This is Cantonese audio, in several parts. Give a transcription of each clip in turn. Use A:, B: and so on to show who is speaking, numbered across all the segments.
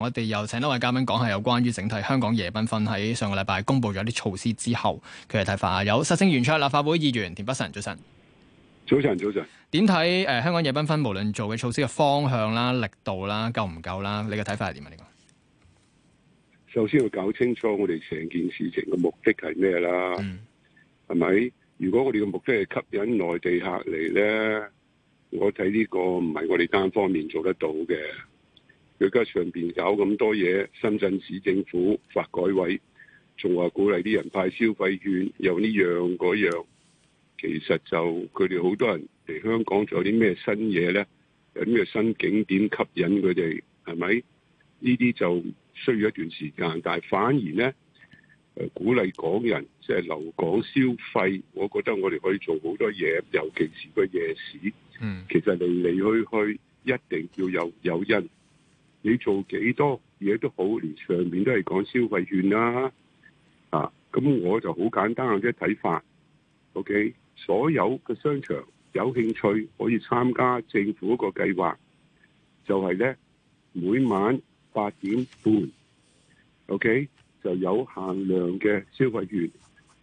A: 我哋又請多位嘉賓講下有關於整體香港夜繽紛喺上個禮拜公布咗啲措施之後，佢嘅睇法啊，有實政圓桌立法會議員田北辰，早晨。
B: 早晨。早晨，
A: 點睇誒？香港夜繽紛無論做嘅措施嘅方向啦、力度啦、夠唔夠啦，你嘅睇法係點啊？呢個
B: 首先要搞清楚我哋成件事情嘅目的係咩啦，係、嗯、咪？如果我哋嘅目的係吸引內地客嚟咧，我睇呢個唔係我哋單方面做得到嘅。佢加上邊搞咁多嘢，深圳市政府、發改委仲話鼓勵啲人派消費券，又呢樣嗰樣，其實就佢哋好多人嚟香港仲有啲咩新嘢咧？有啲咩新景點吸引佢哋係咪？呢啲就需要一段時間，但係反而咧，誒，鼓勵港人即係、就是、留港消費，我覺得我哋可以做好多嘢，尤其是個夜市，嗯，其實嚟嚟去去一定要有有因。你做幾多嘢都好，連上面都係講消費券啦，啊！咁我就好簡單嘅一睇法，OK，所有嘅商場有興趣可以參加政府一個計劃，就係呢：每晚八點半，OK 就有限量嘅消費券。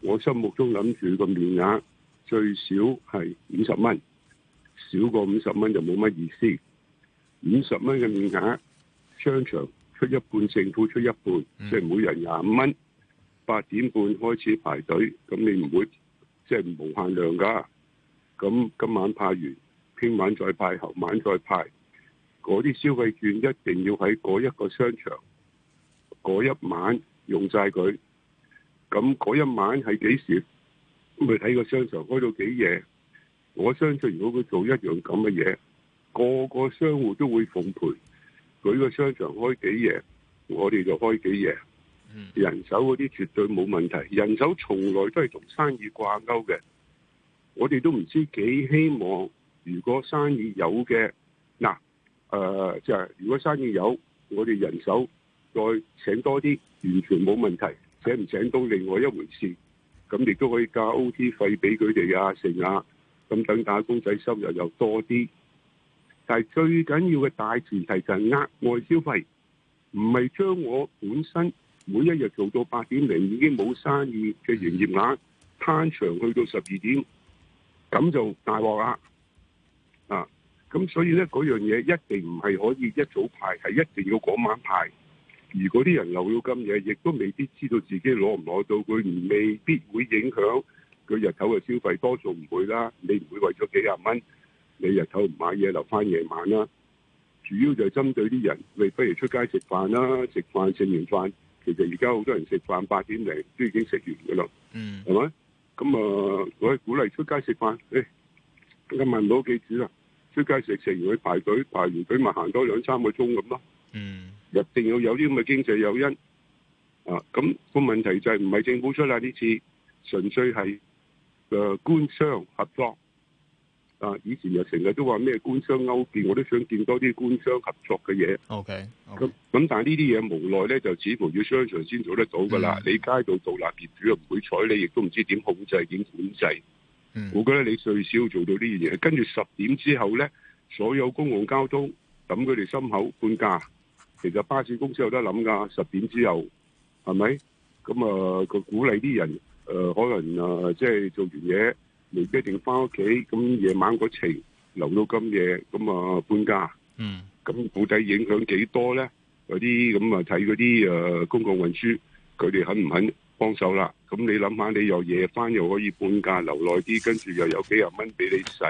B: 我心目中諗住個面額最少係五十蚊，少過五十蚊就冇乜意思，五十蚊嘅面額。商場出一半，政府出一半，即係每人廿五蚊。八點半開始排隊，咁你唔會即係無限量㗎。咁今晚派完，聽晚再派，後晚再派。嗰啲消費券一定要喺嗰一個商場嗰一晚用晒佢。咁嗰一晚係幾時？咁你睇個商場開到幾夜。我相信如果佢做一樣咁嘅嘢，個個商戶都會奉陪。佢個商場開幾夜，我哋就開幾夜。人手嗰啲絕對冇問題，人手從來都係同生意掛鈎嘅。我哋都唔知幾希望，如果生意有嘅，嗱、啊，誒、呃，即係如果生意有，我哋人手再請多啲，完全冇問題。請唔請到另外一回事。咁亦都可以加 OT 費俾佢哋啊，成啊。咁等打工仔收入又多啲。但係最緊要嘅大前提，就係額外消費，唔係將我本身每一日做到八點零已經冇生意嘅營業額攤長去到十二點，咁就大鑊啦。咁、啊、所以呢，嗰樣嘢一定唔係可以一早排，係一定要嗰晚排。如果啲人留到咁夜，亦都未必知道自己攞唔攞到，佢未必會影響佢日頭嘅消費，多數唔會啦。你唔會為咗幾廿蚊。你日頭唔買嘢，留翻夜晚啦。主要就針對啲人，你不如出街食飯啦，食飯，食完飯，其實而家好多人食飯八點零都已經食完噶啦。嗯、mm.，係咪？咁啊，我鼓勵出街食飯。誒、哎，今晚唔好屋企煮啦，出街食，食完去排隊，排完隊咪行多兩三個鐘咁咯。嗯、
A: mm.，
B: 一定要有啲咁嘅經濟誘因。啊，咁、那個問題就係唔係政府出啦呢次，純粹係誒、呃、官商合作。啊！以前又成日都話咩官商勾結，我都想見多啲官商合作嘅嘢。
A: OK，咁
B: 咁但係呢啲嘢無奈咧，就似乎要商場先做得到噶啦。Mm. 你街道做攔業主又唔會睬你，亦都唔知點控制點管制。Mm. 我覺得你最少做到呢樣嘢。跟住十點之後咧，所有公共交通等佢哋心口半價。其實巴士公司有得諗噶，十點之後係咪？咁啊，佢、呃、鼓勵啲人誒、呃，可能啊、呃，即係做完嘢。未必一定翻屋企，咁夜晚嗰程留到咁夜，咁啊半價。嗯。咁到底影響幾多咧？有啲咁啊，睇嗰啲誒公共運輸，佢哋肯唔肯幫手啦？咁你諗下，你又夜翻，又可以半價留耐啲，跟住又有幾廿蚊俾你使，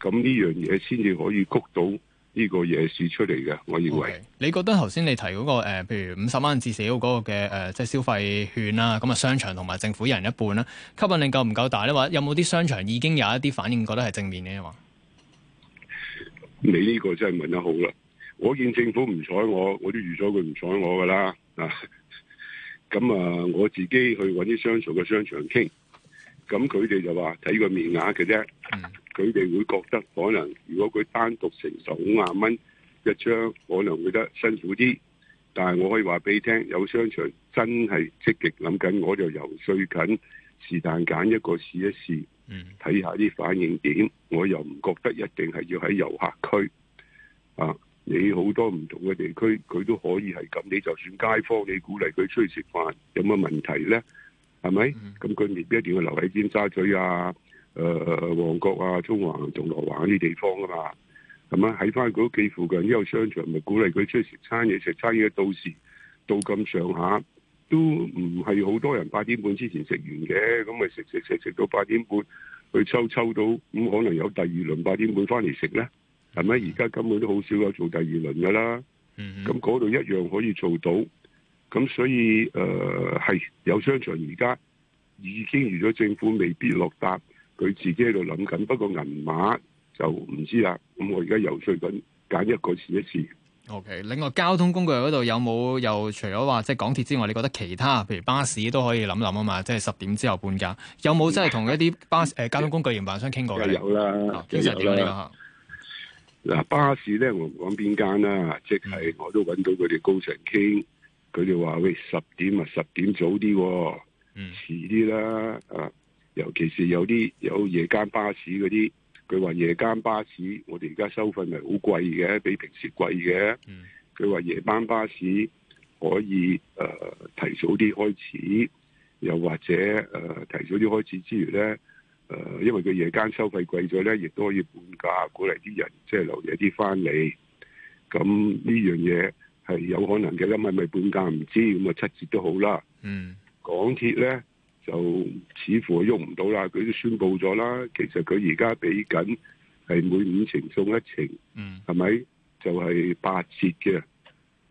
B: 咁呢樣嘢先至可以谷到。呢、這個夜市出嚟嘅，我認為、okay.
A: 你覺得頭先你提嗰、那個誒、呃，譬如五十蚊至少嗰個嘅誒、呃，即係消費券啦，咁啊商場同埋政府一人一半啦，吸引力夠唔夠大咧？話有冇啲商場已經有一啲反應，覺得係正面嘅話？
B: 你呢個真係問得好啦！我見政府唔睬我，我都預咗佢唔睬我噶啦啊！咁啊，我自己去搵啲商、商場嘅商場傾，咁佢哋就話睇個面額嘅啫。嗯佢哋會覺得可能，如果佢單獨承受五萬蚊一張，可能會覺得辛苦啲。但係我可以話俾你聽，有商場真係積極諗緊，我就遊說緊，是但揀一個試一試，睇下啲反應點。我又唔覺得一定係要喺遊客區啊！你好多唔同嘅地區，佢都可以係咁。你就算街坊，你鼓勵佢出去食飯，有乜問題呢？係咪？咁佢未必一定要留喺尖沙咀啊，誒、呃、誒，旺角啊、中環同銅鑼灣嗰啲地方啊嘛，咁啊喺翻佢屋企附近呢個商場咪鼓勵佢出去食餐嘢，食餐嘢到時到咁上下都唔係好多人八點半之前食完嘅，咁咪食食食食到八點半，去抽抽到咁、嗯、可能有第二輪八點半翻嚟食咧，係咪而家根本都好少有做第二輪噶啦？嗯，咁嗰度一樣可以做到，咁所以誒係、呃、有商場而家已經遇咗政府未必落達。佢自己喺度諗緊，不過銀碼就唔知啦。咁我而家游說緊，揀一個試一試。
A: O、okay, K，另外交通工具嗰度有冇？又除咗話即係港鐵之外，你覺得其他，譬如巴士都可以諗諗啊嘛。即係十點之後半價，有冇即係同一啲巴士誒、啊？交通工具嘅營辦商傾過嘅，有啦，
B: 啊、有啦。嗱、啊，巴士咧，我唔講邊間啦，即、就、係、是、我都揾到佢哋高層傾，佢哋話喂十點啊，十點早啲、啊，嗯，遲啲啦，啊。尤其是有啲有夜間巴士嗰啲，佢話夜間巴士，我哋而家收費係好貴嘅，比平時貴嘅。佢、嗯、話夜班巴士可以誒、呃、提早啲開始，又或者誒、呃、提早啲開始之餘咧，誒、呃、因為佢夜間收費貴咗咧，亦都可以半價過嚟啲人即係留夜啲翻嚟。咁呢樣嘢係有可能嘅，咁係咪半價唔知？咁啊七折都好啦。港鐵咧。就似乎喐唔到啦，佢都宣布咗啦。其實佢而家俾緊係每五程送一程，係、嗯、咪就係、是、八折嘅？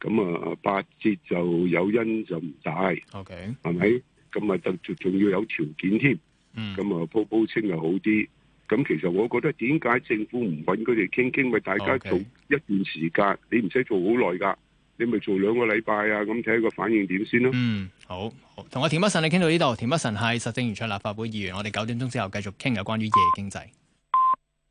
B: 咁啊，八折就有因就唔大，係、
A: okay，咪？
B: 咁、嗯、啊，就仲要有條件添。咁、嗯、啊，鋪鋪清又好啲。咁其實我覺得點解政府唔揾佢哋傾傾？咪大家做一段時間，你唔使做好耐㗎。你咪做兩個禮拜啊，咁睇下個反應點先咯。嗯，好，
A: 好，同阿田北辰，你傾到呢度。田北辰係實政圓桌立法會議員，我哋九點鐘之後繼續傾，有關於夜經濟。